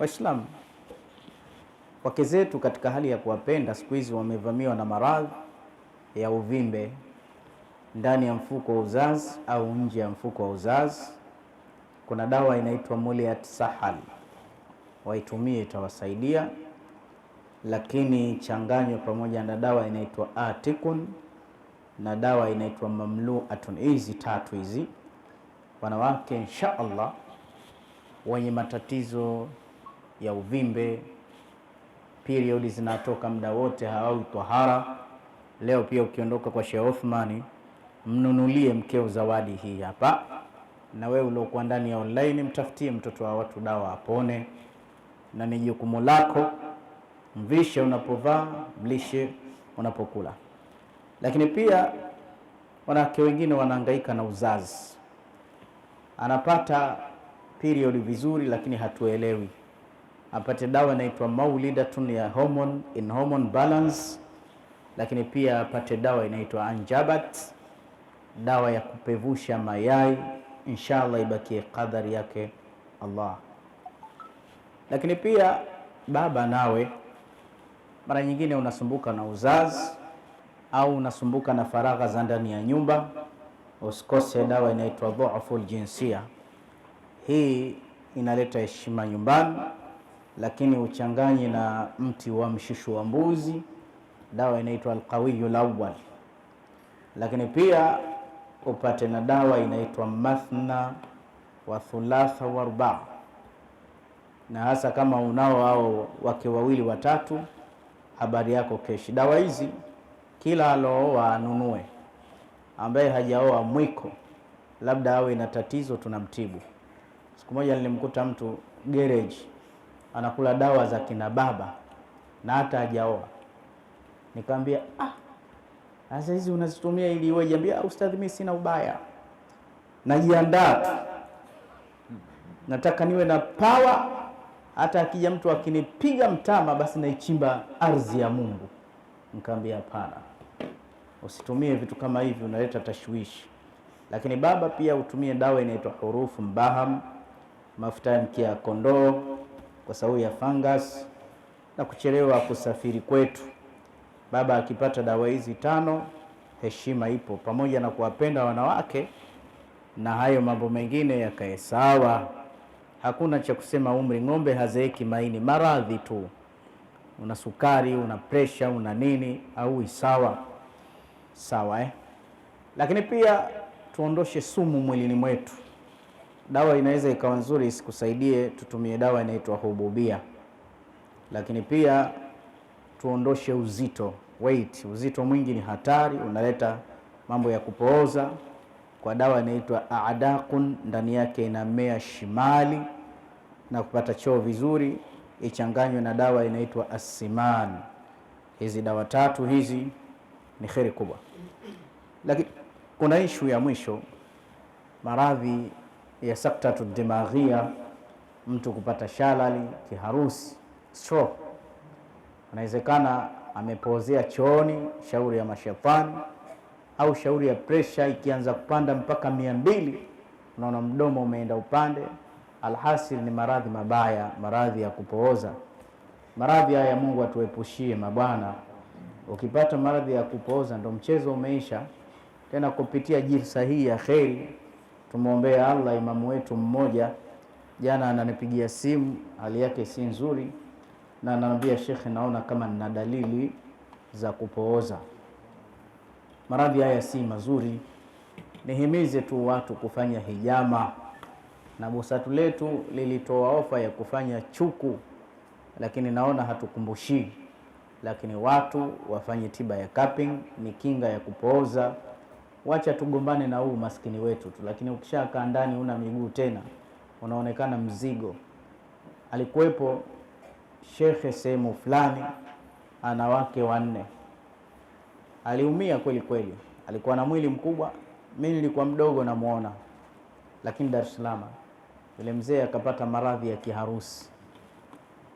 Waislamu wake zetu katika hali ya kuwapenda, siku hizi wamevamiwa na maradhi ya uvimbe ndani ya mfuko wa uzazi au nje ya mfuko wa uzazi. Kuna dawa inaitwa Muliat Sahal, waitumie itawasaidia, lakini changanywe pamoja na dawa inaitwa Atikun na dawa inaitwa Mamluatun. Hizi tatu hizi, wanawake insha Allah wenye matatizo ya uvimbe, period zinatoka muda wote, hawawi tahara. Leo pia ukiondoka kwa Sheikh Othmani, mnunulie mkeo zawadi hii hapa, na wewe uliokuwa ndani ya online, mtafutie mtoto wa watu dawa apone, na ni jukumu lako, mvishe unapovaa, mlishe unapokula. Lakini pia wanawake wengine wanahangaika na uzazi, anapata period vizuri, lakini hatuelewi apate dawa inaitwa maulidatun ya hormone in hormone balance, lakini pia apate dawa inaitwa anjabat, dawa ya kupevusha mayai. Inshallah ibakie kadhari yake Allah. Lakini pia baba, nawe mara nyingine unasumbuka na uzazi au unasumbuka na faragha za ndani ya nyumba, usikose dawa inaitwa dhuful jinsia. Hii inaleta heshima nyumbani lakini uchanganye na mti wa mshishu wa mbuzi, dawa inaitwa alqawiyu awwal. Lakini pia upate na dawa inaitwa mathna wa thulatha wa arba, na hasa kama unao hao wake wawili watatu, habari yako keshi. Dawa hizi kila alooa anunue, ambaye hajaoa mwiko, labda awe na tatizo, tunamtibu. Siku moja nilimkuta mtu gereji anakula dawa za kina baba na hata hajaoa. Nikamwambia ah, sasa hizi unazitumia ili iweje? Ambia ah, ustadhi, mimi sina ubaya, najiandaa tu, nataka niwe na pawa, hata akija mtu akinipiga mtama, basi naichimba ardhi ya Mungu. Nikamwambia hapana, usitumie vitu kama hivi, unaleta tashwishi. Lakini baba pia utumie dawa inaitwa hurufu mbaham, mafuta ya mkia kondoo kwa sababu ya fungus na kuchelewa kusafiri kwetu. Baba akipata dawa hizi tano, heshima ipo, pamoja na kuwapenda wanawake na hayo mambo mengine yakae sawa. Hakuna cha kusema umri, ng'ombe hazeeki maini, maradhi tu. Una sukari, una presha, una nini, au sawa sawa eh? Lakini pia tuondoshe sumu mwilini mwetu dawa inaweza ikawa nzuri isikusaidie, tutumie dawa inaitwa hububia. Lakini pia tuondoshe uzito weight. Uzito mwingi ni hatari, unaleta mambo ya kupooza. Kwa dawa inaitwa adaqun, ndani yake inamea shimali na kupata choo vizuri, ichanganywe na dawa inaitwa asiman. Hizi dawa tatu hizi ni kheri kubwa. Lakini kuna ishu ya mwisho, maradhi ya saktatu dimaghia, mtu kupata shalali, kiharusi, stroke. Anawezekana amepozea chooni, shauri ya mashetani au shauri ya presha ikianza kupanda mpaka mia mbili, unaona mdomo umeenda upande. Alhasil ni maradhi mabaya, maradhi ya kupooza. Maradhi haya Mungu atuepushie mabwana. Ukipata maradhi ya kupooza ndo mchezo umeisha, tena kupitia jinsi hii ya kheri. Tumwombee Allah imamu wetu mmoja, jana ananipigia simu, hali yake si nzuri, na ananiambia shekhe, naona kama nina dalili za kupooza. Maradhi haya si mazuri, nihimize tu watu kufanya hijama, na busatu letu lilitoa ofa ya kufanya chuku, lakini naona hatukumbushii. Lakini watu wafanye tiba ya cupping, ni kinga ya kupooza wacha tugombane na huu umaskini wetu tu, lakini ukishakaa ndani una miguu tena unaonekana mzigo. Alikuwepo shekhe sehemu fulani, ana wake wanne, aliumia kweli kweli, alikuwa na mwili mkubwa. Mimi nilikuwa mdogo namwona lakini Dar es Salaam yule mzee akapata maradhi ya kiharusi,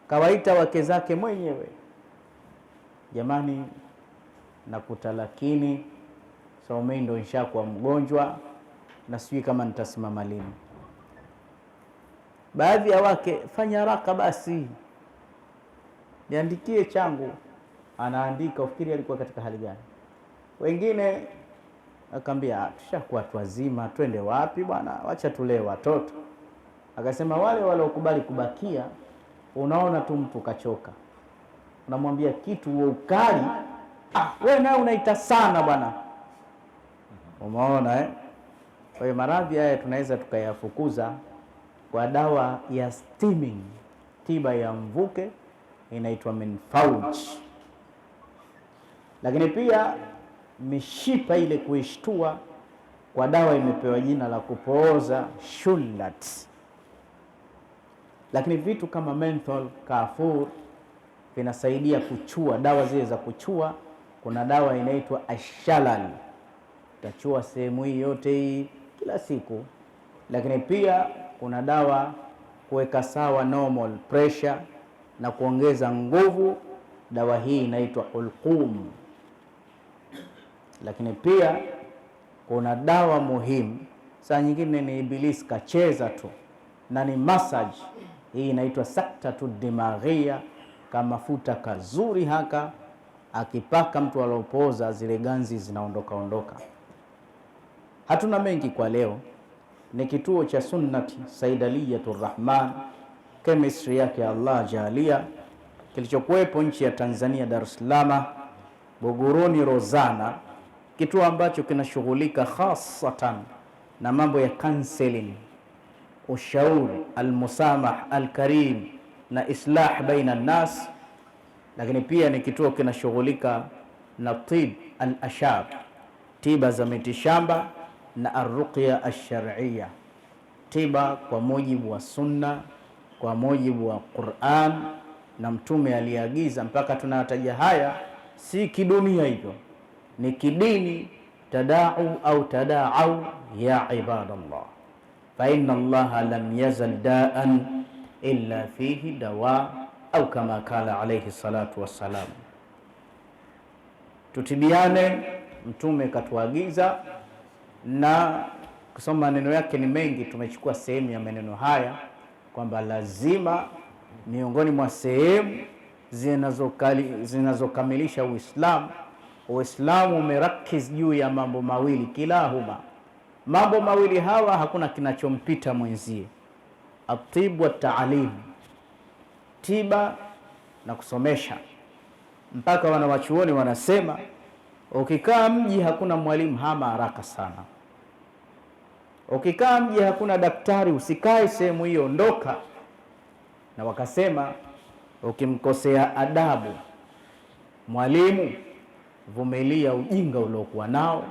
kawaita wake zake mwenyewe, jamani, lakini mimi ndo nishakuwa mgonjwa na sijui kama nitasimama lini. Baadhi ya wake, fanya haraka basi, niandikie changu. Anaandika, ufikiri alikuwa katika hali gani? Wengine akaambia tushakuwa watu wazima, twende wapi bwana, wacha tulee watoto. Akasema wale waliokubali kubakia, unaona tu mtu kachoka, unamwambia kitu wa ukali, ah, wewe naye unaita sana bwana Umeona eh? Kwa hiyo maradhi haya tunaweza tukayafukuza kwa dawa ya steaming, tiba ya mvuke inaitwa menfauj. Lakini pia mishipa ile kuishtua kwa dawa imepewa jina la kupooza shullat. Lakini vitu kama menthol, kafur vinasaidia kuchua, dawa zile za kuchua. Kuna dawa inaitwa ashalal utachua sehemu hii yote hii kila siku, lakini pia kuna dawa kuweka sawa normal pressure na kuongeza nguvu. Dawa hii inaitwa ulqum, Lakini pia kuna dawa muhimu, saa nyingine ni iblis kacheza tu na ni massage. Hii inaitwa saktatu dimaghia, kamafuta kazuri haka, akipaka mtu alopoza zile ganzi zinaondoka ondoka. Hatuna mengi kwa leo. Ni kituo cha Sunnati Saidaliyatu Rahman, chemistry yake Allah jalia kilichokuwepo nchi ya Tanzania, Dar es Salaam, Buguruni Rozana, kituo ambacho kinashughulika khasatan na mambo ya counseling, ushauri, almusamah alkarim na islah baina nnas, lakini pia ni kituo kinashughulika na tib al ashab, tiba za mitishamba na arruqya ash-shar'iyya, tiba kwa mujibu wa sunna, kwa mujibu wa Qur'an na mtume aliagiza. Mpaka tunataja haya, si kidunia hivyo, ni kidini. Tadau au tadaau ya ibadallah, fa inna allaha lam yazal daan illa fihi dawa au kama kala alayhi salatu wassalam. Tutibiane, mtume katuagiza na kusoma maneno yake ni mengi. Tumechukua sehemu ya maneno haya kwamba lazima miongoni mwa sehemu zinazokamilisha Uislamu, Uislamu umerakiz juu ya mambo mawili kilahuma, mambo mawili hawa hakuna kinachompita mwenzie, atibu wa taalim, tiba na kusomesha. Mpaka wanawachuoni wanasema ukikaa mji hakuna mwalimu hama haraka sana Ukikaa mji hakuna daktari, usikae sehemu hiyo, ondoka. Na wakasema ukimkosea adabu mwalimu, vumilia ujinga uliokuwa nao.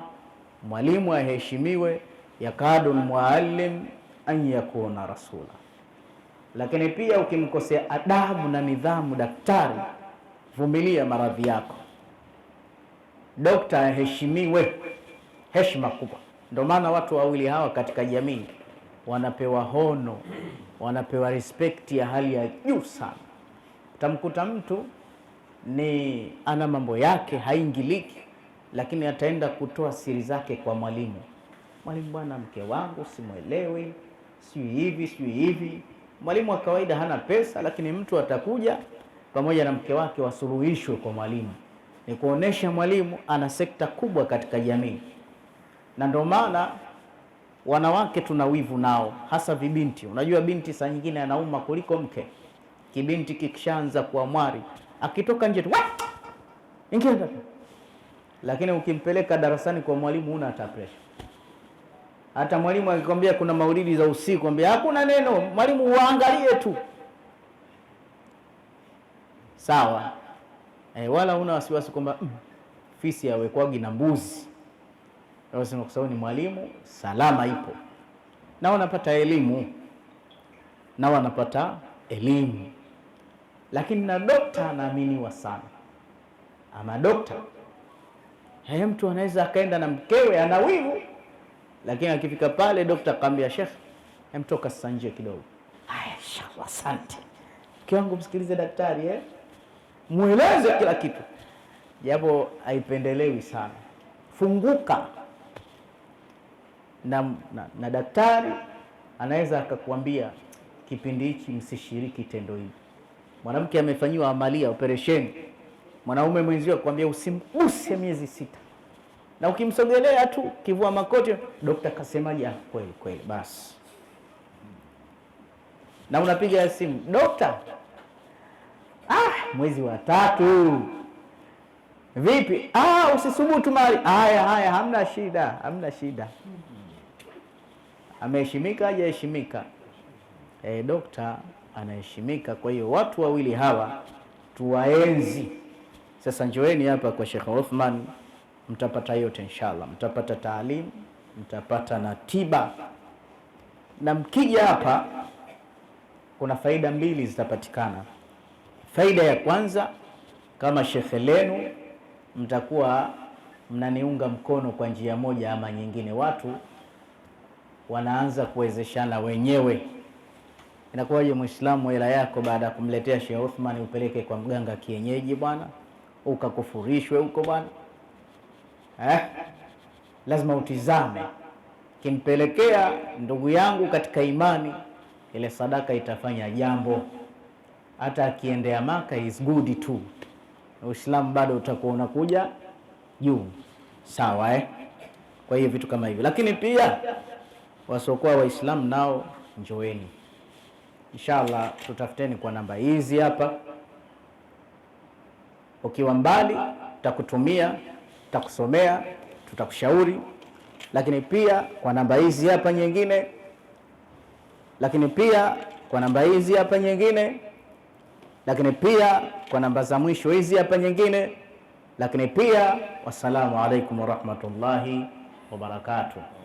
Mwalimu aheshimiwe, yakadu lmuallim an yakuna rasula. Lakini pia ukimkosea adabu na nidhamu daktari, vumilia maradhi yako. Dokta aheshimiwe, heshima kubwa ndio maana watu wawili hawa katika jamii wanapewa hono, wanapewa respekti ya hali ya juu sana. Utamkuta mtu ni ana mambo yake haingiliki, lakini ataenda kutoa siri zake kwa mwalimu. Mwalimu, bwana, mke wangu simwelewi, sijui hivi sijui hivi. Mwalimu wa kawaida hana pesa, lakini mtu atakuja pamoja na mke wake wasuluhishwe kwa mwalimu. Ni kuonesha mwalimu ana sekta kubwa katika jamii na ndio maana wanawake tuna wivu nao, hasa vibinti. Unajua binti saa nyingine anauma kuliko mke. Kibinti kikishaanza kuamwari akitoka nje tu ingia, lakini ukimpeleka darasani kwa mwalimu una hata presha. Hata mwalimu akikwambia kuna maulidi za usiku, ambia hakuna neno, mwalimu uangalie tu sawa. E, wala una wasiwasi kwamba mm, fisi awekwagi na mbuzi kwa sababu ni mwalimu salama ipo, na wanapata elimu na wanapata elimu. Lakini na dokta anaaminiwa sana, ama dokta haya, mtu anaweza akaenda na mkewe ana wivu, lakini akifika pale dokta akamwambia shekhe, hemtoka sasa nje kidogo. Haya, inshallah, asante mke wangu, msikilize daktari eh? Mweleze kila kitu, japo haipendelewi sana. Funguka na, na, na daktari anaweza akakuambia kipindi hichi msishiriki tendo hili. Mwanamke amefanyiwa amalia operesheni, mwanaume mwenzio akwambia usimguse miezi sita, na ukimsogelea tu kivua makoti, dokta kasemaje? Ah, kweli kweli, basi. Na unapiga simu dokta, ah, mwezi wa tatu vipi? Ah, usisubutu mali. Haya haya, hamna shida, hamna shida ameheshimika hajaheshimika? E, dokta anaheshimika. Kwa hiyo watu wawili hawa tuwaenzi. Sasa njoeni hapa kwa Sheikh Uthman, mtapata yote inshallah, mtapata taalimu, mtapata na tiba, na mkija hapa kuna faida mbili zitapatikana. Faida ya kwanza, kama shekhe lenu mtakuwa mnaniunga mkono kwa njia moja ama nyingine, watu wanaanza kuwezeshana wenyewe. Inakuwaje Muislamu hela yako baada ya kumletea Sheikh Uthman upeleke kwa mganga kienyeji bwana, ukakufurishwe huko bwana eh? Lazima utizame, kimpelekea ndugu yangu katika imani, ile sadaka itafanya jambo. Hata akiendea Maka is good tu, Uislamu bado utakuwa unakuja juu, sawa eh? Kwa hiyo vitu kama hivyo, lakini pia wasiokuwa Waislamu nao njoeni. Inshallah tutafuteni kwa namba hizi hapa. Ukiwa mbali, tutakutumia tutakusomea, tutakushauri, lakini pia kwa namba hizi hapa nyingine, lakini pia kwa namba hizi hapa nyingine, lakini pia kwa namba za mwisho hizi hapa nyingine, lakini pia. Wassalamu alaikum warahmatullahi wabarakatuh.